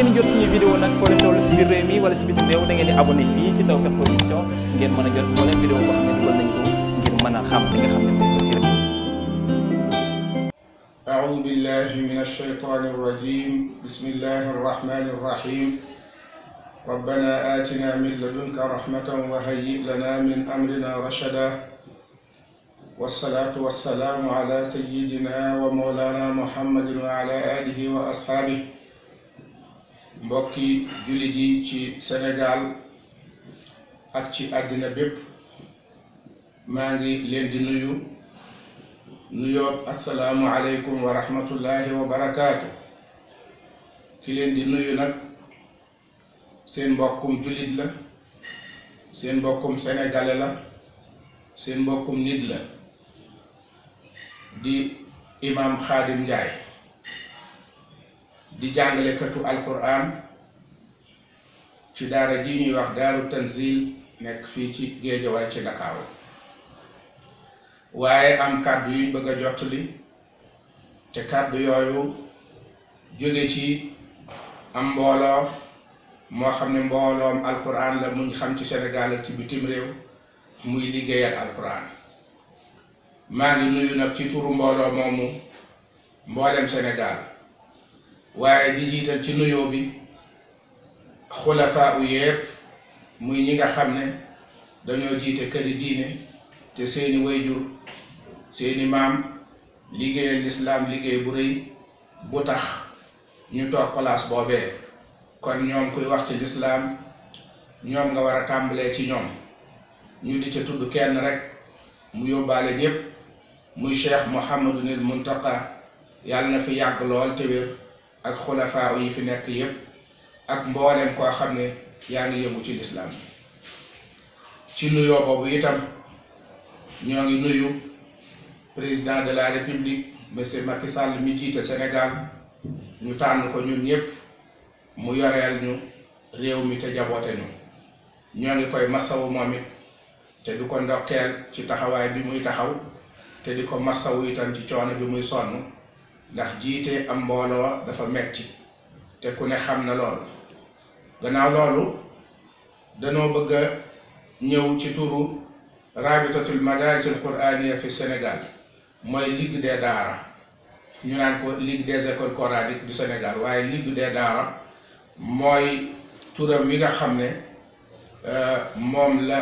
ngeen jot suñu vidéo nag foo leen toll si biir réew mi wala si bitim réew da ngeen di abonné fii si Tawfekh Production ngeen mën a jot moo leen vidéo boo xam ne dugal nañ ko ngir mën a xam li nga xam ne moom la rek. أعوذ بالله من الشيطان الرجيم بسم الله الرحمن الرحيم ربنا آتنا من لدنك رحمة وهيئ لنا من أمرنا رشدا والصلاة والسلام على سيدنا ومولانا محمد وعلى آله وأصحابه mbokki jullit yi ci Sénégal ak ci àddina bépp maa ngi leen di nuyu nuyoo assalaamu aleykum wa rahmatullahi ki leen di nuyu nag seen mbokkum jullit la seen mbokkum sénégalais la seen mbokkum nit la di imaam Xaadim Njaay di jàngalekatu alquran ci daara jii ñuy wax daaru tanzil nekk fii ci géejawaay ci ndakaaru waaye am kàddu yuñ bëgg a jottali te kàddu yooyu jóge ci am mbooloo moo xam ne mbooloom alquran la muñ xam ci Sénégal ak ci bitim réew muy liggéeyal alquran maa ngi nuyu nag ci turu mbooloo moomu mboolem Sénégal waaye di jiital ci nuyoo bi xulafaa u muy ñi nga xam ne dañoo jiite këri diine te seeni wayjur seeni maam liggéeyal lislaam liggéey bu rëy bu tax ñu toog place boobee kon ñoom kuy wax ci lislaam ñoom nga war a tàmbalee ci ñoom ñu di ca tudd kenn rek mu yóbbaale ñépp muy cheikh Mouhamadunil Muntaqa yàlla na fi yàgg lool te ak xulafaa yi fi nekk yépp ak mbooleem koo xam ne yaa ngi yëngu ci lislaam ci nuyoo boobu itam ñoo ngi nuyu président de la république monsieur Macky Sall mi jiite Sénégal ñu tànn ko ñun ñëpp mu yoreel ñu réew mi te jaboote ñu ñoo ngi koy masawu moom it te di ko ndokkeel ci taxawaay bi muy taxaw te di ko masawu itam ci coono bi muy sonn ndax jiite am mbooloo dafa metti te ku ne xam na loolu gannaaw loolu danoo bëgg ñëw ci turu rabitatul madarisul quraniya fi Sénégal mooy ligue des daara ñu naan ko ligue des écoles coraniques du Sénégal waaye ligue dee daara mooy turam wi nga xam ne euh, moom la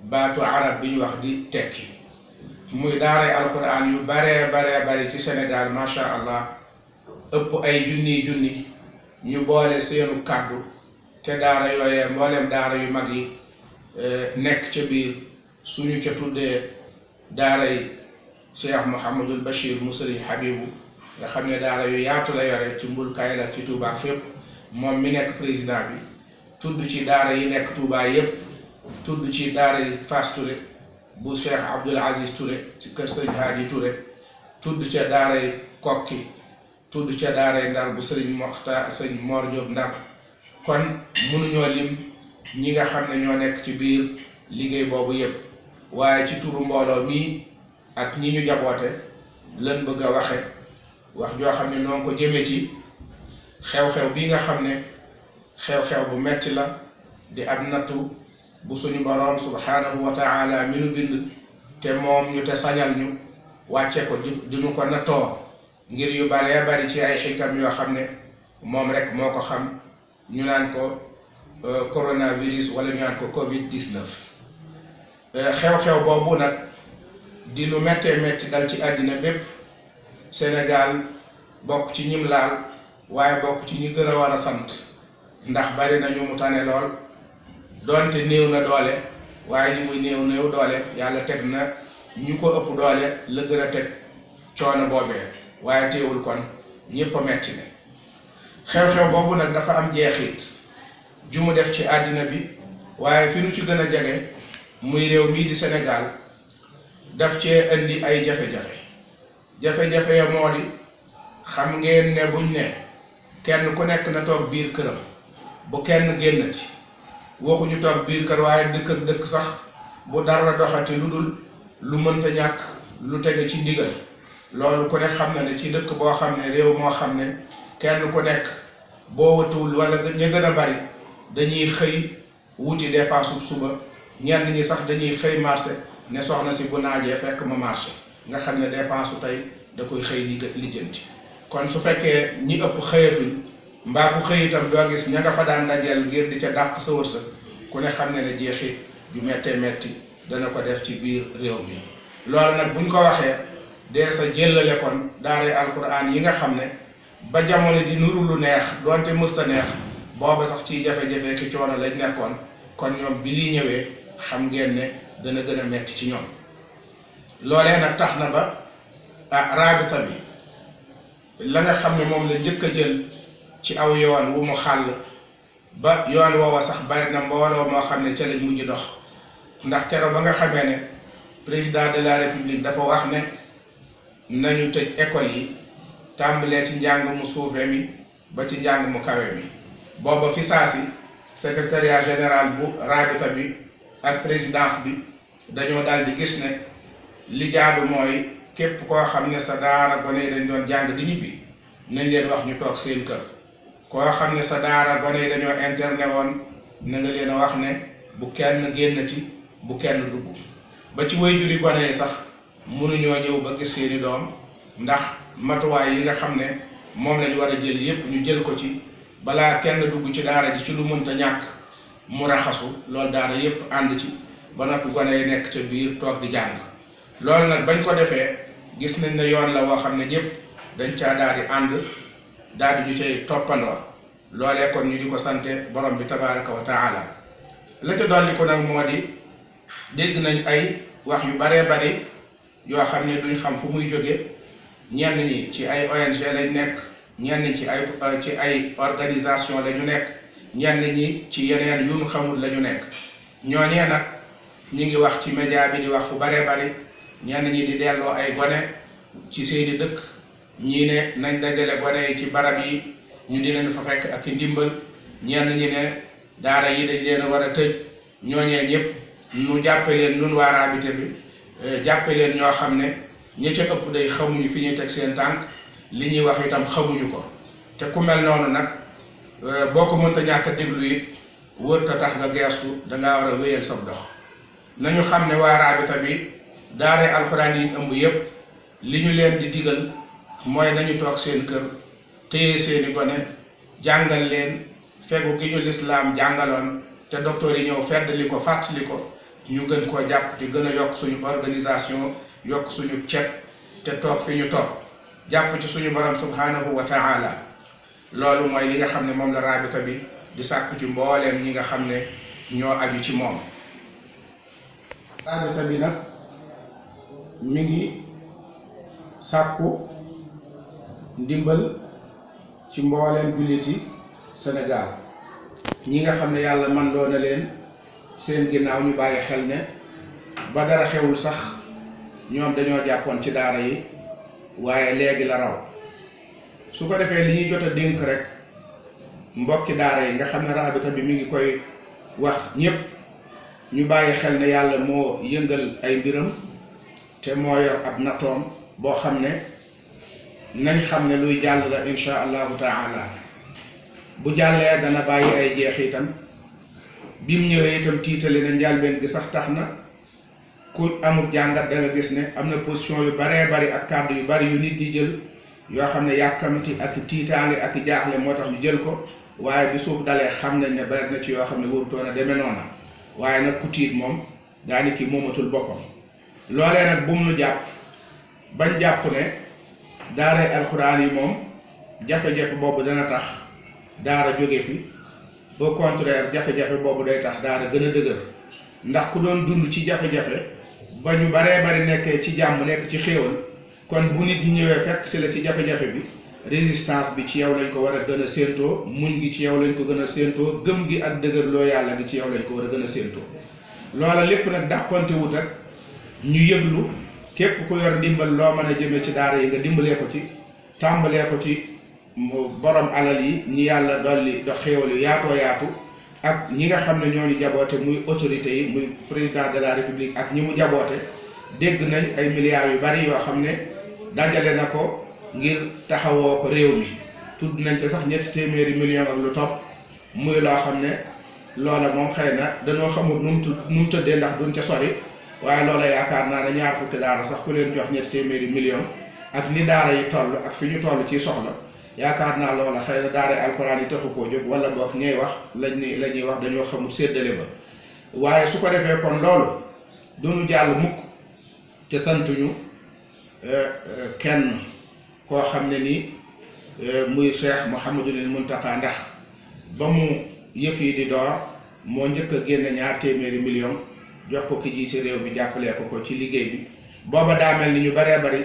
baatu arab bi ñu wax di tekki muy daaray alquran yu baree baree bari ci Sénégal macha allah ëpp ay junni junni ñu boole seenu kàddu te daara yooyee mbooleem daara yu mag yi eh, nekk ca biir su suñu ca tuddee daaray Cheikh Mouhamadul Bachir Mousri Habibu nga xam ne daara yu yaatu la yore ci mbulkaay la ci Touba fépp moom mi nekk président bi tudd ci daara yi nekk Touba yépp tudd ci daara yi Fass bu Cheikh Abdoul Aziz Touré ci kër sëriñ Haaji Touré tudd ca daaray kokki tudd ca daaray ndar bu sëriñ Moxta sëriñ Mor Diop ndar kon mënuñoo lim ñi nga xam ne ñoo nekk ci biir liggéey boobu yépp waaye ci turu mbooloo mii ak ñi ñu jaboote lan bëgg a waxe wax joo xam ne noonu ko jëmee ci xew-xew bi nga xam ne xew-xew bu metti la di ab nattu bu suñu boroom subhaanahu wa taala mi nu bind te moom ñu te sañal ñu wàcce ko di ñu ko nattoo ngir yu baree bari ci ay xikam yoo xam ne moom rek moo ko xam ñu naan ko euh, coronavirus wala ñu naan ko covid 19 euh, xew-xew boobu nag di lu méttee métti dal ci àddina bépp Sénégal bokk ci ñim laal waaye bokk ci ñi gën a war a sant ndax bari nañu mu tane lool doonte néew na doole waaye ni muy néew néew doole yàlla teg na ñu ko ëpp doole la gën a teg coono boobee waaye teewul kon ñépp a metti ne xew-xew boobu nag dafa am jeexit jumu def ci àddina bi waaye fi nu ci gën a jege muy réew mii di Sénégal daf cee indi ay jafe-jafe jafe-jafe ya moo di xam ngeen ne buñ ne kenn ku nekk na toog biir këram bu kenn génnati waxuñu toog biir kër waaye dëkk ak dëkk sax bu dara doxati lu dul lu mënta ñàkk lu teg ci ndigal loolu ku ne xam na ne ci dëkk boo xam ne réew moo xam ne kenn ku nekk boo watuwul wala ña gën a bari dañuy xëy wuti dépense suba ñenn ñi sax dañuy xëy marché ne soxna si bu naajee fekk ma marché nga xam ne dépense tey da koy xëy li lijjanti kon su fekkee ñi ëpp xëyatuñ mbaa ku xëy itam doo gis ña nga fa daan dajeel ngir di ca dàq sa wërsëg ku ne xam ne ne jeexit ju méttee métti dana ko def ci biir réew mi loolu nag buñ ko waxee dee sa jëllale kon daaray alquran yi nga xam ne ba jamono di nuru lu neex doonte mësta neex booba sax ciy jafe-jafe ki coono lañ nekkoon kon ñoom bi lii ñëwee xam ngeen ne dana gën a metti ci ñoom loolee nag tax na ba ah raabita bi la nga xam ne moom la njëkk a jël ci aw yoon wu mu xàll ba yoon woowa sax bari na mbooloo moo xam ne ca lañ mujj dox ndax keroog ba nga xamee ne président de la république dafa wax ne nañu tëj école yi tàmbalee ci njàng mu suufe mi ba ci njàng mu kawe mi booba fi saa si secrétariat général bu rabita bi ak présidence bi dañoo daal di gis ne li jaadu mooy képp koo xam ne sa daara gone yi dañ doon jàng di ñibbi nañ leen wax ñu toog seen kër koo xam ne sa daara gone yi dañoo internet woon na nga leen a wax ne bu kenn génnati bu kenn dugg ba ci wayjur yi gone yi sax mënuñoo ñëw ba gis seeni doom ndax matuwaay yi nga xam ne moom lañu war a jël yépp ñu jël ko ci balaa kenn dugg ci daara ji ci lu mënta ñàkk mu raxasu lool daara yépp ànd ci ba noppi gone yi nekk ca biir toog di jàng loolu nag bañ ko defee gis nañ ne yoon la woo xam ne ñépp dañ ca daal di ànd daal di ñu cay toppandoo loole kon ñu di ko sante borom bi tabaraka wa taala la dolli ko nag moo di dégg nañ ay wax yu baree bari yoo xam ni duñ xam fu muy jóge ñenn ñi ci ay ONG lañ nekk ñenn ci ay ci ay organisation la ñu nekk ñenn ñi ci yeneen yu ñu xamul la ñu nekk ñooñee nag ñu ngi wax ci média bi di wax fu baree bari ñenn ñi di delloo ay gone ci seeni dëkk ñii ne nañ dajale gone yi ci barab yi ñu di fa fekk ak ndimbal ñenn ñi ne daara yi dañ leen war a tëj ñooñee ñëpp nu jàppe leen nun waa Rabita bi euh, jàppe leen ñoo xam ne ñi ca ëpp day xamuñu fi ñuy teg seen tànk li ñuy wax itam xamuñu ko te ku mel noonu nag euh, boo ko mënta ñàkk déglu yi wër ta tax nga geestu dangaa war a wéyal sa dox nañu xam ne waa bi daara alxuraan yi ëmb yëpp li ñu leen di diggal mooy nañu toog seen kër téye seeni gone jàngal leen fegu gi ñu lislaam jàngaloon te docteur yi ñëw fedd li ko fàttali ko ñu gën koo jàpp te gën a yokk suñu organisation yokk suñu cet te toog fi ñu toog jàpp ci suñu borom subhanahu wa loolu mooy li nga xam ne moom la raabita bi di sàkku ci mbooleem ñi nga xam ne ñoo aju ci moom raabita bi nag mi ngi sàkku ndimbal ci mbooleem julliti Sénégal ñi nga xam ne yàlla man loo na leen seen ginnaaw ñu bàyyi xel ne ba dara xewul sax ñoom dañoo jàppoon ci daara yi waaye léegi la raw su ko defee li ñuy jot a dénk rek mbokki daara yi nga xam ne raabita bi mi ngi koy wax ñépp ñu bàyyi xel ne yàlla moo yëngal ay mbiram te moo yor ab nattoom boo xam ne nañ xam ne luy jàll la insha allahu taala bu jàllee dana bàyyi ay jeex itam bi mu ñëwee itam tiitale na njàlbeen gi sax tax na ku amul jàngat da nga gis ne am na position yu baree bari ak kàddu yu bari yu nit di jël yoo xam ne yàkkamti ak tiitaange ak jaaxle moo tax ñu jël ko waaye bi suuf dalee xam nañ ne bari na ci yoo xam ne wóorutoon a demee noona waaye nag ku tiit moom daani kii moomatul boppam loolee nag bum nu jàpp bañ jàpp ne daaray alxuraan yi moom jafe-jafe boobu dana tax daara jóge fi au contraire jafe-jafe boobu day tax daara gën a dëgër ndax ku doon dund ci jafe-jafe ba ñu baree bari nekk ci jàmm nekk ci xéewal kon bu nit ñi ñëwee fekk si la ci jafe-jafe bi résistance bi ci yow lañ ko war a gën a séentoo mun gi ci yow lañ ko gën a séentoo gëm gi ak dëgër loo yàlla gi ci yow lañ ko war a gën a séentoo loola lépp nag dàqonte wut ak ñu yëglu képp ku yor ndimbal loo mën a jëme ci daara yi nga dimbalee ko ci tàmbalee ko ci borom alal yi ñi yàlla dolli do xéewal yu yaatoo yaatu ak ñi nga xam ne ñooñu ñu jaboote muy autorités yi muy président de la république ak ñi mu jaboote dégg nañ ay milliards yu bari yoo xam ne dajale na ko ngir taxawoo ko réew mi tudd nañ ko sax ñetti téeméeri million ak lu topp muy loo xam ne loola moom xëy na dañoo xamul nu mu tudd mu tëddee ndax duñ ca sori waaye loola yaakaar naa ne ñaar fukki daara sax ku leen jox ñetti téeméeri million ak ni daara yi toll ak fi ñu toll ci soxla yaakaar naa loola xëy na daara alxuraan yi taxu koo jóg wala boog ngay wax lañ ni la ñuy wax dañoo xamul séddale ba waaye su ko defee kon loolu duñu jàll mukk te santuñu euh, euh, kenn koo xam ne nii euh, muy Cheikh Mouhamadul Mountakha ndax ba mu yëf yi di door moo njëkk a génn ñaar téeméeri million jox ko ki jiite réew mi jàppalee ko ko ci liggéey bi booba daa mel ni ñu baree bari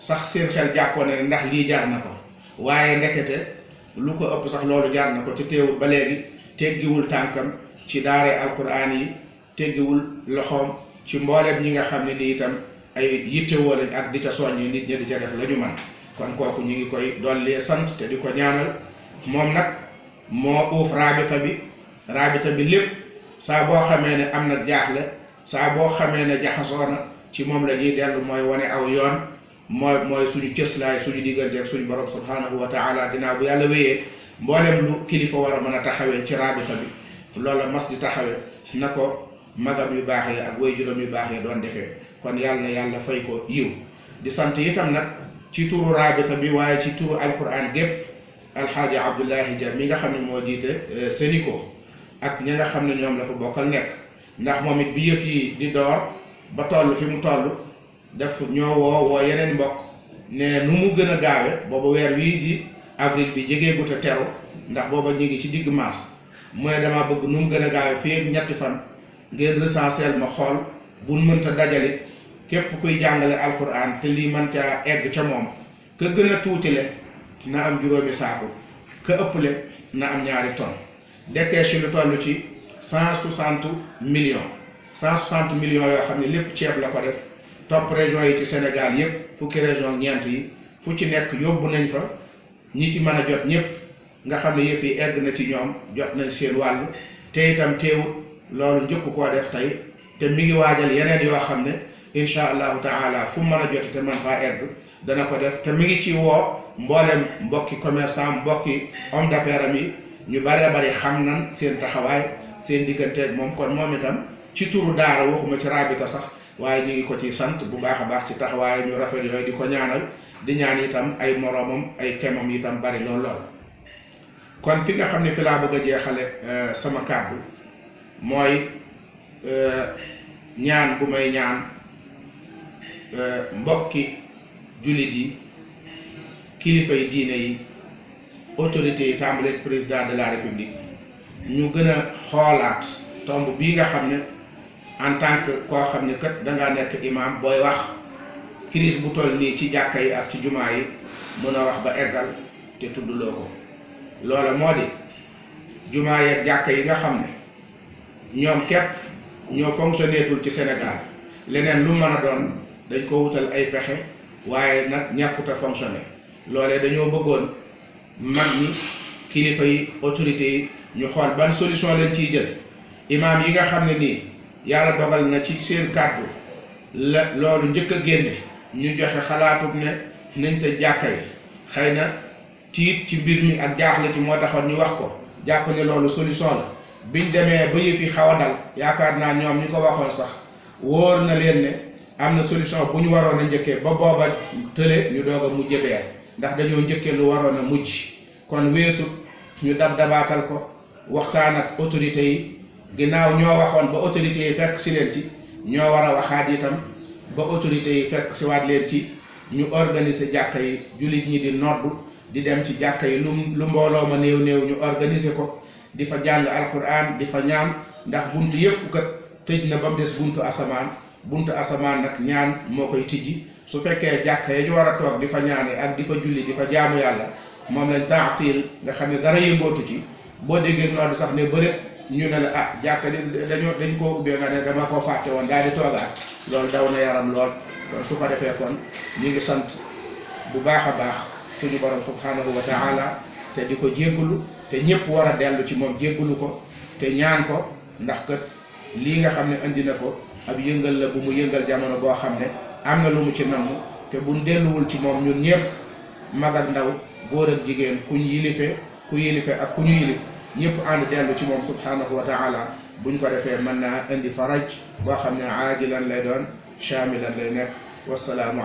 sax seen xel jàppoon ne ndax lii jar na ko waaye ndekete lu ko ëpp sax loolu jar na ko te teewul ba léegi teggiwul tànkam ci daare alquran yi teggiwul loxoom ci mbooleem ñi nga xam ne ni itam ay yittewoo lañ ak di ca soññi nit ñi di ca def la ñu man kon kooku ñu ngi koy dolli sant te di ko ñaanal moom nag moo uuf raabita bi raabita bi lépp saa boo xamee ne am na jaaxle saa boo xamee ne jaxasoo na ci moom la ñuy dellu mooy wane aw yoon mooy mooy suñu cëslaay suñu diggante ak suñu borom subhanahu wa taala ginnaaw bu yàlla wéyee mboolem lu kilifa war a mën a taxawee ci rabita bi loola mas di taxawee na ko magam yu baaxee ak way juróom yu baax yi doon defee kon yàlla na yàlla fay ko yiw di sant itam nag ci turu rabita bi waaye ci turu alquran gépp alxaaji abdullahi ja mi nga xam ne moo jiite eh, seniko ak ñi nga xam ne ñoom la fa bokkal nekk ndax moom it bi yëf yi di door ba toll fi mu toll def ñoo woo woo yeneen mbokk ne nu mu gën a gaawe boobu weer wii di avril bi jegeegut a teru ndax booba ñu ngi ci diggu mars mu ne dama bëgg nu mu gën a gaawe fii ñetti fan ngeen recenseel ma xool bu mënta dajalit képp kuy jàngale alquran te lii mën ca egg ca moom ka gën a tuutile na am juróomi saaku ka ëpple na am ñaari ton dekkee si lu toll ci cent soixante millions cent soixante millions yoo xam ne lépp ceeb la ko def topp région yi ci Sénégal yépp fukki région ñeent yi fu ci nekk yóbbu nañ fa ñi ci mën a jot ñépp nga xam ne yëf yi egg na ci ñoom jot nañ seen wàll te itam teewut loolu njëkk koo def tey te mi ngi waajal yeneen yoo xam ne incha allahu taala fu mën a joti te man faa egg dana ko def te mi ngi ci woo mboolem mbokki commerçant mbokki homme d'affaires am yi ñu baree bari xam nan seen taxawaay seen digganteeg moom kon moom itam ci turu daara waxuma ci raabita sax waaye ñu ngi ko ci sant bu baax a baax ci taxawaay ñu rafet yooyu di ko ñaanal di ñaan itam ay moroomam ay kemam itam bari lool lool kon fi nga xam ne fi laa bëgg a jeexale euh, sama kàddu mooy euh, ñaan bu may ñaan euh, mbokki jullit yi kilifa yi diine yi autorités yi tàmbalee ci président de la république ñu gën a xoolaat tomb bii nga xam ne en tant que koo xam ne kat dangaa nekk imam booy wax crise bu toll nii ci jàkka yi ak ci jumaa yi mën a wax ba eggal te tuddloo ko loola moo di jumaa yi ak jàkka yi nga xam ne ñoom képp ñoo fonctionneetul ci Sénégal leneen lu mën a doon dañ ko wutal ay pexe waaye nag ñàkkut a loole dañoo bëggoon mag ñi kilifa yi autorité yi ñu xool ban solution lañ ciy jël imaam yi nga xam ne nii yàlla dogal na ci seen kàddu la loolu njëkk a génne ñu joxe xalaatug ne nañ te jàkka yi xëy na tiit ci mbir mi ak jaaxle ci moo taxoon ñu wax ko jàpp ne loolu solution la biñ demee ba yëf yi xaw a dal yaakaar naa ñoom ñu ko waxoon sax wóor na leen ne am na solution bu ñu waroon a njëkkee ba booba tële ñu doog a mujj beer ndax dañoo njëkkee lu waroon a mujj kon weesu ñu dab dabaatal ko waxtaan ak autorité yi ginnaaw ñoo waxoon ba autorité yi fekk si leen ci ñoo war a waxaat itam ba autorité yi fekk si waat leen ci ñu organiser jàkka yi jullit ñi di noddu di dem ci jàkka yi lu lu mbooloo ma néew néew ñu organiser ko di fa jàng alquran di fa ñaan ndax bunt yépp kat tëj na ba des buntu asamaan bunt asamaan nag ñaan moo koy tijji su fekkee jàkka ya ñu war a toog di fa ñaane ak di fa julli di fa jaamu yàlla moom lañ taatil nga xam ne dara yëngootu ci boo déggee nodd sax ne bëri ñu ne la ah jàkka dañoo dañ koo ubbee nga ne dama koo fàtte woon daal di toogaat loolu daw na yaram lool kon su ko defee kon ñu ngi sant bu baax a baax suñu borom subhanahu wa taala te di ko jéggulu te ñëpp war a dellu ci moom jéggulu ko te ñaan ko ndax kat lii nga xam ne indi na ko ab yëngal la bu mu yëngal jamono boo xam ne am na lu ci namm te buñ delluwul ci moom ñun ñëpp mag ndaw góor ak jigéen kuñ yilife ku yilife ak ku ñu yilif ñëpp ànd dellu ci moom subhanahu wa taala buñ ko defee mën naa indi faraj boo xam ne aajilan lay doon shaamilan lay nekk wasalaamu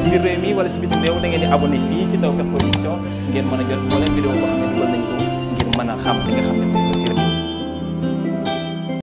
si biir réew mi wala si biir réew da ngeen di abonné fii si Tawfekh Production ngeen mën a jot moo leen vidéo boo a xam li nga xam ne